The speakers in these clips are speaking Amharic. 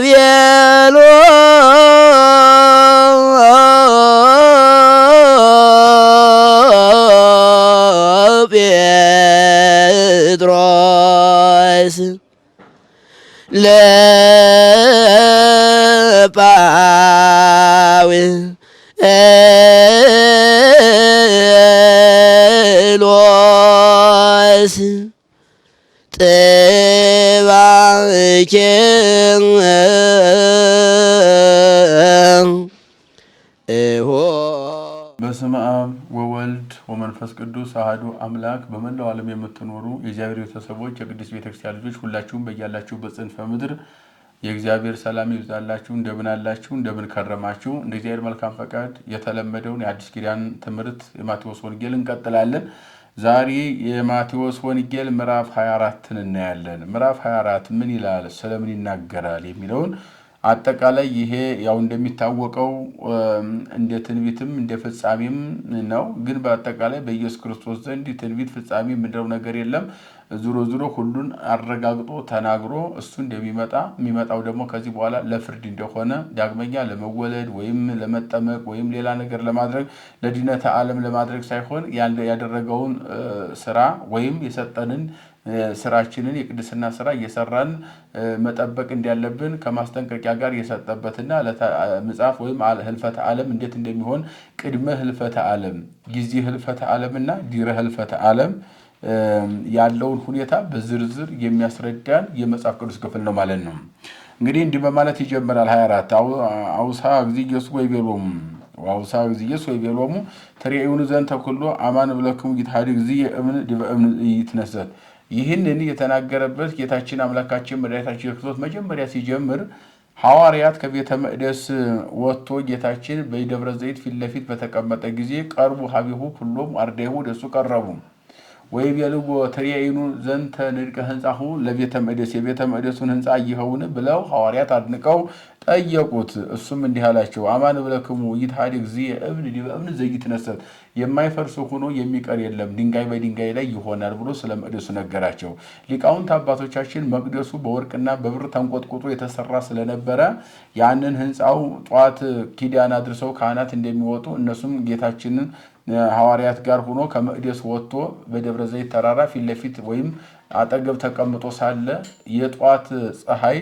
¡Bien! አህዶ አምላክ በመላው ዓለም የምትኖሩ የእግዚአብሔር ቤተሰቦች የቅዱስ ቤተክርስቲያን ልጆች ሁላችሁም በያላችሁ በጽንፈ ምድር የእግዚአብሔር ሰላም ይብዛላችሁ። እንደምን አላችሁ? እንደምን ከረማችሁ? እንደ እግዚአብሔር መልካም ፈቃድ የተለመደውን የአዲስ ኪዳን ትምህርት የማቴዎስ ወንጌል እንቀጥላለን። ዛሬ የማቴዎስ ወንጌል ምዕራፍ 24ን እናያለን። ምዕራፍ 24 ምን ይላል፣ ስለምን ይናገራል የሚለውን አጠቃላይ ይሄ ያው እንደሚታወቀው እንደ ትንቢትም እንደ ፍጻሜም ነው። ግን በአጠቃላይ በኢየሱስ ክርስቶስ ዘንድ ትንቢት ፍጻሜ የምንለው ነገር የለም። ዙሮ ዙሮ ሁሉን አረጋግጦ ተናግሮ እሱ እንደሚመጣ የሚመጣው ደግሞ ከዚህ በኋላ ለፍርድ እንደሆነ ዳግመኛ ለመወለድ ወይም ለመጠመቅ ወይም ሌላ ነገር ለማድረግ ለድነተ ዓለም ለማድረግ ሳይሆን ያደረገውን ስራ ወይም የሰጠንን ስራችንን የቅድስና ስራ እየሰራን መጠበቅ እንዳለብን ከማስጠንቀቂያ ጋር የሰጠበትና መጽሐፍ ወይም ህልፈተ ዓለም እንዴት እንደሚሆን ቅድመ ህልፈተ ዓለም፣ ጊዜ ህልፈተ ዓለም እና ዲረ ህልፈተ ዓለም ያለውን ሁኔታ በዝርዝር የሚያስረዳን የመጽሐፍ ቅዱስ ክፍል ነው ማለት ነው። እንግዲህ እንዲህ በማለት ይጀምራል። 24 አውሳ ጊዜ ኢየሱስ ወይ ቤሎሙ አውሳ ጊዜ ኢየሱስ ወይ ቤሎሙ ትሬኡን ዘንተ ኩሎ አማን ብለክሙ ይትሃድግ ጊዜ እብን ድበ ይትነሰት ይህንን የተናገረበት ጌታችን አምላካችን መድኃኒታችን ክርስቶስ መጀመሪያ ሲጀምር ሐዋርያት ከቤተ መቅደስ ወጥቶ ጌታችን በደብረ ዘይት ፊት ለፊት በተቀመጠ ጊዜ ቀርቡ ሀቢሁ ሁሉም አርዳይሁ ወደሱ ቀረቡ ወይ የልጎ ትርያይኑ ዘንተ ንድቀ ህንፃሁ ለቤተ መቅደስ የቤተ መቅደሱን ህንፃ አየኸውን ብለው ሐዋርያት አድንቀው ጠየቁት። እሱም እንዲህ አላቸው፣ አማን ብለክሙ ይትሐደግ ጊዜ እብን ዲበ እብን ዘይትነሰት፣ የማይፈርስ ሆኖ የሚቀር የለም ድንጋይ በድንጋይ ላይ ይሆናል ብሎ ስለ መቅደሱ ነገራቸው። ሊቃውንት አባቶቻችን መቅደሱ በወርቅና በብር ተንቆጥቁጦ የተሰራ ስለነበረ ያንን ህንፃው ጠዋት ኪዳን አድርሰው ካህናት እንደሚወጡ እነሱም ጌታችንን ሐዋርያት ጋር ሆኖ ከመቅደስ ወጥቶ በደብረ ዘይት ተራራ ፊት ለፊት ወይም አጠገብ ተቀምጦ ሳለ የጠዋት ፀሐይ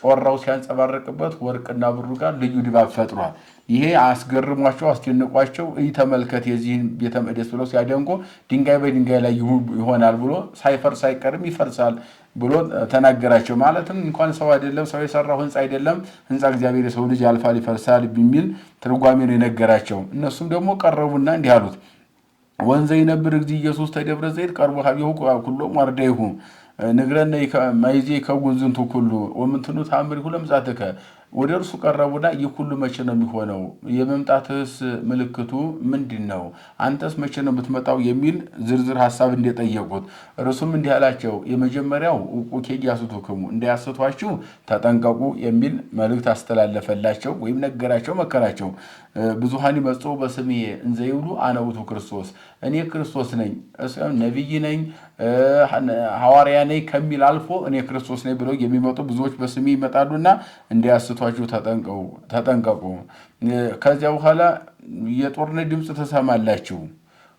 ጮራው ሲያንጸባረቅበት ወርቅና ብሩ ጋር ልዩ ድባብ ፈጥሯል። ይሄ አስገርሟቸው፣ አስደንቋቸው ተመልከት የዚህን ቤተ መቅደስ ብለው ሲያደንቁ ድንጋይ በድንጋይ ላይ ይሆናል ብሎ ሳይፈርስ ሳይቀርም ይፈርሳል ብሎ ተናገራቸው። ማለትም እንኳን ሰው አይደለም ሰው የሰራው ህንፃ አይደለም ህንፃ እግዚአብሔር የሰው ልጅ ያልፋል ይፈርሳል የሚል ትርጓሜ ነው የነገራቸው። እነሱም ደግሞ ቀረቡና እንዲህ አሉት ወንዘ ይነብር እግዚእ ኢየሱስ ተደብረ ዘይት ቀርቦ ሀቢሁ ኩሎሙ አርዳይሁ ነግረነ ማይዜ ከጉንዝንቱ ኩሉ ወምንትኑ ታምሪ ሁለም ዛትከ ወደ እርሱ ቀረቡና ይህ ሁሉ መቼ ነው የሚሆነው? የመምጣትስ ምልክቱ ምንድን ነው? አንተስ መቼ ነው የምትመጣው? የሚል ዝርዝር ሀሳብ እንደጠየቁት እርሱም እንዲህ አላቸው፣ የመጀመሪያው ኬጅ ውቁኬ ክሙ እንዳያስቷችሁ ተጠንቀቁ የሚል መልእክት አስተላለፈላቸው ወይም ነገራቸው፣ መከራቸው። ብዙሃን ይመጽ በስሜ እንዘ ይብሉ አነ ውእቱ ክርስቶስ፣ እኔ ክርስቶስ ነኝ፣ ነቢይ ነኝ፣ ሐዋርያ ነኝ ከሚል አልፎ እኔ ክርስቶስ ነኝ ብለው የሚመጡ ብዙዎች በስሜ ይመጣሉና እንዳያስቷ እንዳትዋሹ ተጠንቀቁ። ከዚያ በኋላ የጦርነት ድምፅ ትሰማላችሁ።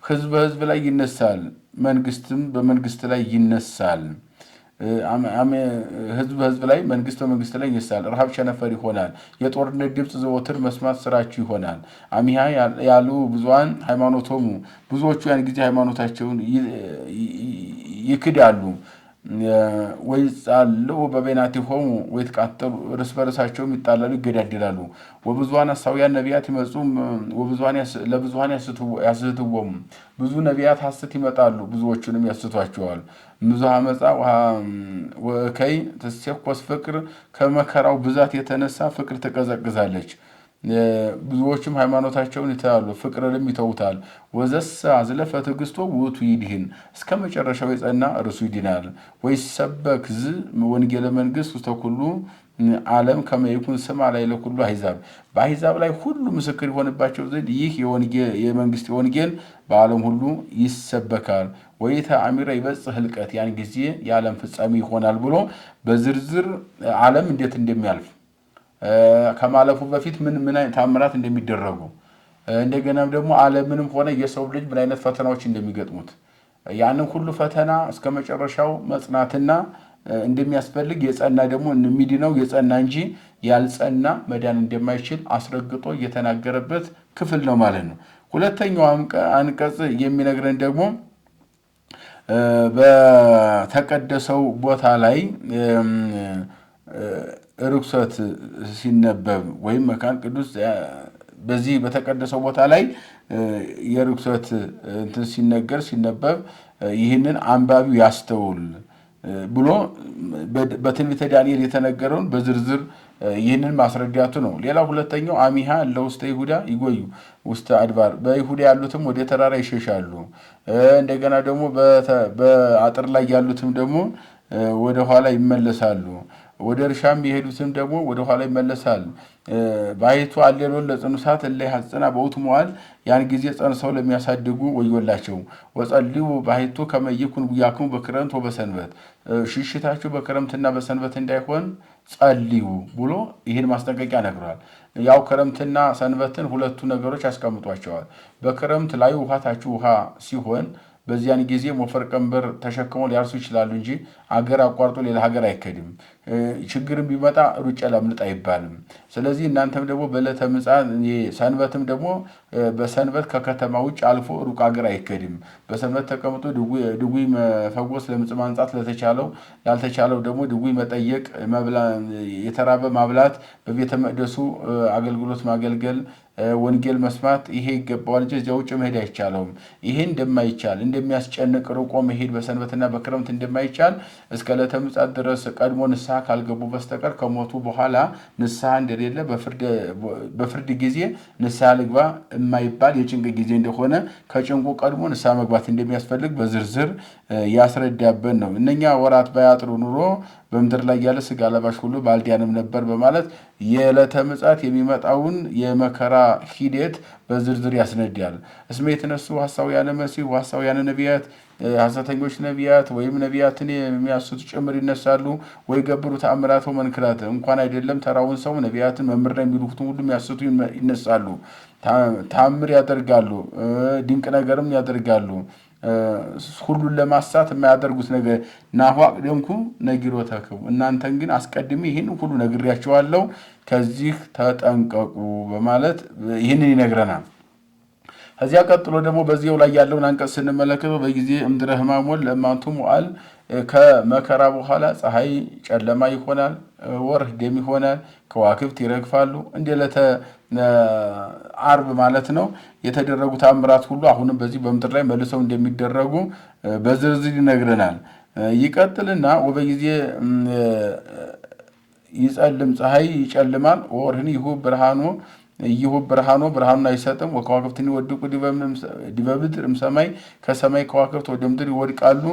ህዝብ በህዝብ ላይ ይነሳል፣ መንግስትም በመንግስት ላይ ይነሳል። ህዝብ በህዝብ ላይ መንግስት በመንግስት ላይ ይነሳል። ረሃብ ቸነፈር ይሆናል። የጦርነት ድምፅ ዘወትር መስማት ስራችሁ ይሆናል። አሚሃ ያሉ ብዙን ሃይማኖቶሙ ብዙዎቹ ያን ጊዜ ሃይማኖታቸውን ይክዳሉ። ወይ ወይጻልው በበይናቲሆሙ ወይትቃጠሉ እርስ በርሳቸውም ይጣላሉ፣ ይገዳደላሉ። ወብዙሃን ሐሳውያን ነቢያት ይመጹ ለብዙሃን ያስህትዎም ብዙ ነቢያት ሐሰት ይመጣሉ፣ ብዙዎቹንም ያስቷቸዋል። ብዙሃ መጻ ወከይ ትሴኮስ ፍቅር ከመከራው ብዛት የተነሳ ፍቅር ትቀዘቅዛለች። ብዙዎችም ሃይማኖታቸውን ይተያሉ፣ ፍቅርንም ይተውታል። ወዘሳ አዝለፈ ትዕግስቶ ውእቱ ይድህን፣ እስከ መጨረሻው የጸና እርሱ ይድናል። ወይ ሰበክ ዝ ወንጌለ መንግስት ውስተ ኩሉ ዓለም ከመ ስማ ላይ ለኩሉ አሕዛብ፣ በአሕዛብ ላይ ሁሉ ምስክር የሆንባቸው ዘንድ ይህ የመንግስት ወንጌል በዓለም ሁሉ ይሰበካል። ወይታ አሚረ ይበጽ ህልቀት፣ ያን ጊዜ የዓለም ፍጻሜ ይሆናል ብሎ በዝርዝር ዓለም እንዴት እንደሚያልፍ ከማለፉ በፊት ምን ምን ታምራት እንደሚደረጉ እንደገናም ደግሞ ዓለምንም ሆነ የሰው ልጅ ምን አይነት ፈተናዎች እንደሚገጥሙት ያንን ሁሉ ፈተና እስከ መጨረሻው መጽናትና እንደሚያስፈልግ የጸና ደግሞ የሚድነው የጸና እንጂ ያልጸና መዳን እንደማይችል አስረግጦ የተናገረበት ክፍል ነው ማለት ነው። ሁለተኛው አንቀጽ የሚነግረን ደግሞ በተቀደሰው ቦታ ላይ ርኩሰት ሲነበብ ወይም መካን ቅዱስ በዚህ በተቀደሰው ቦታ ላይ የርኩሰት እንትን ሲነገር ሲነበብ ይህንን አንባቢው ያስተውል ብሎ በትንቢተ ዳንኤል የተነገረውን በዝርዝር ይህንን ማስረዳቱ ነው። ሌላ ሁለተኛው አሚሃ ለውስተ ይሁዳ ይጎዩ ውስተ አድባር፣ በይሁዳ ያሉትም ወደ ተራራ ይሸሻሉ። እንደገና ደግሞ በአጥር ላይ ያሉትም ደግሞ ወደኋላ ይመለሳሉ። ወደ እርሻም የሄዱትም ደግሞ ወደ ኋላ ይመለሳል። ባይቱ አሌሎን ሰዓት እለይ ሐጽና በውት መዋል ያን ጊዜ ጸንሰው ለሚያሳድጉ ወዮላቸው። ወጸልዩ ባይቱ ከመይኩን ጉያክሙ በክረምት ወበሰንበት ሽሽታችሁ በክረምትና በሰንበት እንዳይሆን ጸልዩ ብሎ ይህን ማስጠንቀቂያ ነግሯል። ያው ክረምትና ሰንበትን ሁለቱ ነገሮች ያስቀምጧቸዋል። በክረምት ላይ ውሃታችሁ ውሃ ሲሆን በዚያን ጊዜ ሞፈር ቀንበር ተሸክሞ ሊያርሱ ይችላሉ እንጂ አገር አቋርጦ ሌላ ሀገር አይከድም። ችግርም ቢመጣ ሩጫ ላምልጥ አይባልም። ስለዚህ እናንተም ደግሞ በዕለተ ምጻ ሰንበትም ደግሞ በሰንበት ከከተማ ውጭ አልፎ ሩቅ ሀገር አይከድም። በሰንበት ተቀምጦ ድጉይ መፈወስ ለምጽ ማንጻት ለተቻለው ላልተቻለው ደግሞ ድጉይ መጠየቅ፣ የተራበ ማብላት፣ በቤተ መቅደሱ አገልግሎት ማገልገል ወንጌል መስማት ይሄ ይገባዋል እንጂ እዚያ ውጭ መሄድ አይቻለውም። ይሄ እንደማይቻል እንደሚያስጨንቅ ርቆ መሄድ በሰንበትና በክረምት እንደማይቻል እስከ ዕለተ ምጽአት ድረስ ቀድሞ ንስሐ ካልገቡ በስተቀር ከሞቱ በኋላ ንስሐ እንደሌለ በፍርድ ጊዜ ንስሐ ልግባ የማይባል የጭንቅ ጊዜ እንደሆነ ከጭንቁ ቀድሞ ንስሐ መግባት እንደሚያስፈልግ በዝርዝር ያስረዳበን ነው። እነኛ ወራት ባያጥሩ ኑሮ በምድር ላይ ያለ ስጋ ለባሽ ሁሉ ባልዲያንም ነበር በማለት የዕለተ ምጽአት የሚመጣውን የመከራ ሂደት በዝርዝር ያስነዳል። እስመ የተነሱ ሐሳውያነ መሲሕ ሐሳውያነ ነቢያት ሐሰተኞች ነቢያት ወይም ነቢያትን የሚያሱት ጭምር ይነሳሉ። ወይ ገብሩ ተአምራት ወመንክራት እንኳን አይደለም ተራውን ሰው ነቢያትን መምህር የሚሉትን ሁሉ የሚያስቱ ይነሳሉ። ታምር ያደርጋሉ፣ ድንቅ ነገርም ያደርጋሉ። ሁሉን ለማሳት የማያደርጉት ነገር ናሁ አቅደምኩ ተክቡ። እናንተን ግን አስቀድሜ ይህን ሁሉ ነግሬያቸዋለሁ፣ ከዚህ ተጠንቀቁ በማለት ይህንን ይነግረናል። ከዚያ ቀጥሎ ደግሞ በዚያው ላይ ያለውን አንቀጽ ስንመለከተው በጊዜ እምድረ ሕማሞን ለማንቱም ከመከራ በኋላ ፀሐይ ጨለማ ይሆናል፣ ወርህ ደም ይሆናል፣ ከዋክብት ይረግፋሉ። እንደ ዕለተ አርብ ማለት ነው የተደረጉ ተአምራት ሁሉ አሁንም በዚህ በምድር ላይ መልሰው እንደሚደረጉ በዝርዝር ይነግረናል። ይቀጥልና ወበጊዜ ይጸልም ፀሐይ ይጨልማል፣ ወርህን ይሁ ብርሃኑ ይሁ ብርሃኖ ብርሃኑን አይሰጥም። ወከዋክብትን ይወድቁ ዲበ ምድር እምሰማይ ከሰማይ ከዋክብት ወደ ምድር ይወድቃሉ።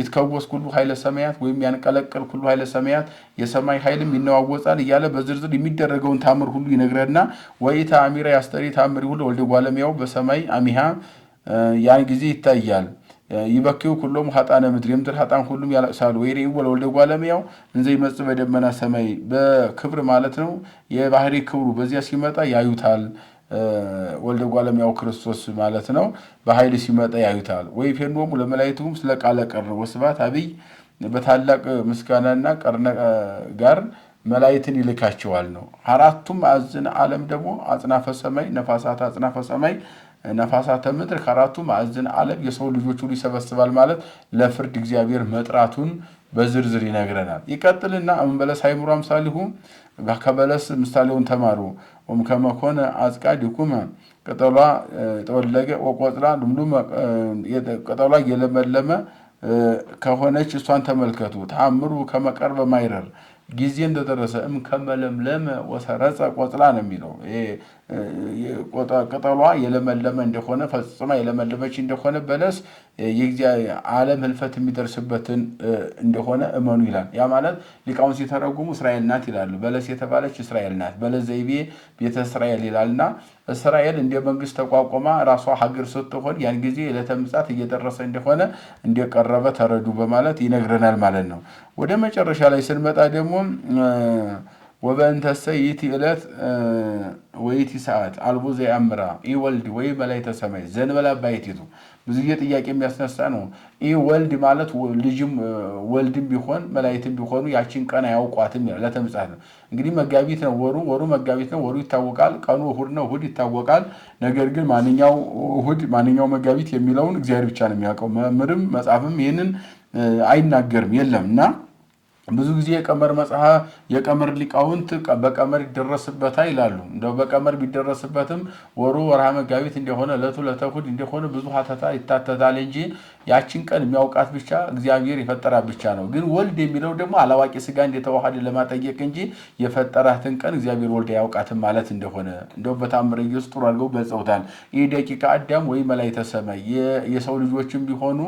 ይትከወስ ኩሉ ኃይለ ሰማያት ወይም ያንቀለቀል ኩሉ ኃይለ ሰማያት የሰማይ ኃይልም ይነዋወጻል እያለ በዝርዝር የሚደረገውን ታምር ሁሉ ይነግረና ወይታ አሚራ ያስተሪ ታምር ሁሉ ወልደ ጓለሚያው በሰማይ አሚሃ ያን ጊዜ ይታያል። ይበክዩ ኩሎም ሀጣነ ምድር የምድር ሀጣን ሁሉም ያለቅሳሉ። ወይሬ ወልደ ጓለሚያው እንዘ ይመጽ በደመና ሰማይ በክብር ማለት ነው። የባህሪ ክብሩ በዚያ ሲመጣ ያዩታል። ወልደ ጓለሚያው ክርስቶስ ማለት ነው። በኃይል ሲመጣ ያዩታል። ወይ ፌኖሙ ለመላይቱም ስለ ቃለ ቀር ወስባት አብይ በታላቅ ምስጋናና ቀርነ ጋር መላይትን ይልካቸዋል ነው። አራቱም አዝን ዓለም ደግሞ አጽናፈ ሰማይ ነፋሳት አጽናፈ ሰማይ ነፋሳተ ምድር ከአራቱ ማዕዘን ዓለም የሰው ልጆች ሁሉ ይሰበስባል ማለት ለፍርድ እግዚአብሔር መጥራቱን በዝርዝር ይነግረናል። ይቀጥልና እምበለስ ሃይምሮ አምሳሊሁ ከበለስ ምሳሌውን ተማሩ። ወም ከመኮነ አጽቃድ ይቁመ ቅጠሏ ጠወለገ ወቆጥላ ልምሉም ቅጠሏ እየለመለመ ከሆነች እሷን ተመልከቱ። ተአምሩ ከመቀርበ ማይረር ጊዜ እንደደረሰ እም ከመለምለመ ወሰረጸ ቆጽላ ነው የሚለው ቅጠሏ የለመለመ እንደሆነ ፈጽማ የለመለመች እንደሆነ በለስ አለም ህልፈት የሚደርስበትን እንደሆነ እመኑ ይላል። ያ ማለት ሊቃውን ሲተረጉሙ እስራኤል ናት ይላሉ። በለስ የተባለች እስራኤል ናት። በለስ ዘይቤ ቤተ እስራኤል ይላልና እስራኤል እንደ መንግስት ተቋቁማ ራሷ ሀገር ስትሆን ያን ጊዜ ለተምጻት እየደረሰ እንደሆነ እንደቀረበ ተረዱ በማለት ይነግረናል ማለት ነው። ወደ መጨረሻ ላይ ስንመጣ ደግሞ ወበእንተሰ ይእቲ ዕለት ወይእቲ ሰዓት አልቦ ዘያምራ ኢ ወይ መላእተ ሰማይ ዘንበላ ባሕቲቱ። ብዙ ጊዜ ጥያቄ የሚያስነሳ ነው። ኢ ወልድ ማለት ልጅም ወልድም ቢሆን መላእክትም ቢሆኑ ያችን ቀን አያውቋትም ይላል። ለተምሳሌ ነው እንግዲህ መጋቢት ነው ወሩ ወሩ መጋቢት ነው ወሩ ይታወቃል። ቀኑ እሑድ ነው እሑድ ይታወቃል። ነገር ግን ማንኛው እሑድ ማንኛው መጋቢት የሚለውን እግዚአብሔር ብቻ ነው የሚያውቀው። መምህርም መጽሐፍም ይህንን አይናገርም የለም እና ብዙ ጊዜ የቀመር መጽሐ የቀመር ሊቃውንት በቀመር ይደረስበታ ይላሉ። እንደው በቀመር ቢደረስበትም ወሩ ወርሃ መጋቢት እንደሆነ ዕለቱ ለተኩድ እንደሆነ ብዙ ሀተታ ይታተታል እንጂ ያችን ቀን የሚያውቃት ብቻ እግዚአብሔር የፈጠራት ብቻ ነው። ግን ወልድ የሚለው ደግሞ አላዋቂ ስጋ እንደተዋሃደ ለማጠየቅ እንጂ የፈጠራትን ቀን እግዚአብሔር ወልድ አያውቃትም ማለት እንደሆነ እንደው በታምረ ኢየሱስ ጥሩ አድርገው ገልጸውታል። ይህ ደቂቃ አዳም ወይ መላእክተ ሰማይ የሰው ልጆችም ቢሆኑ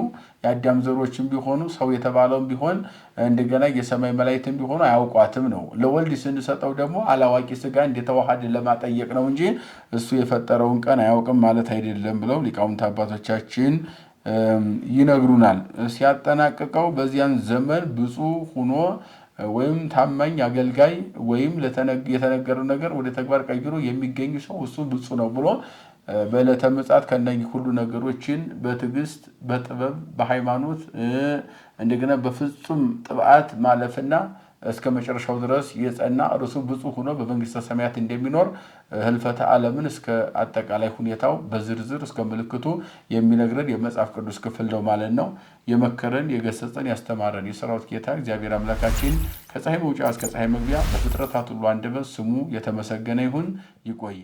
የአዳም ዘሮችም ቢሆኑ ሰው የተባለውም ቢሆን እንደገና የሰማይ መላእክት እንዲሆኑ አያውቋትም ነው። ለወልድ ስንሰጠው ደግሞ አላዋቂ ስጋ እንደተዋሃደ ለማጠየቅ ነው እንጂ እሱ የፈጠረውን ቀን አያውቅም ማለት አይደለም ብለው ሊቃውንት አባቶቻችን ይነግሩናል። ሲያጠናቅቀው በዚያን ዘመን ብፁዕ ሁኖ ወይም ታማኝ አገልጋይ ወይም የተነገረው ነገር ወደ ተግባር ቀይሮ የሚገኝ ሰው እሱ ብፁዕ ነው ብሎ በዕለተ ምጽአት ከእነኚህ ሁሉ ነገሮችን በትዕግስት በጥበብ በሃይማኖት እንደገና በፍጹም ጥብዓት ማለፍና እስከ መጨረሻው ድረስ የጸና እርሱ ብፁዕ ሆኖ በመንግስተ ሰማያት እንደሚኖር ህልፈተ ዓለምን እስከ አጠቃላይ ሁኔታው በዝርዝር እስከ ምልክቱ የሚነግረን የመጽሐፍ ቅዱስ ክፍል ነው ማለት ነው። የመከረን የገሰጸን ያስተማረን የሰራዊት ጌታ እግዚአብሔር አምላካችን ከፀሐይ መውጫ እስከ ፀሐይ መግቢያ በፍጥረታት ሁሉ አንደበት ስሙ የተመሰገነ ይሁን። ይቆየ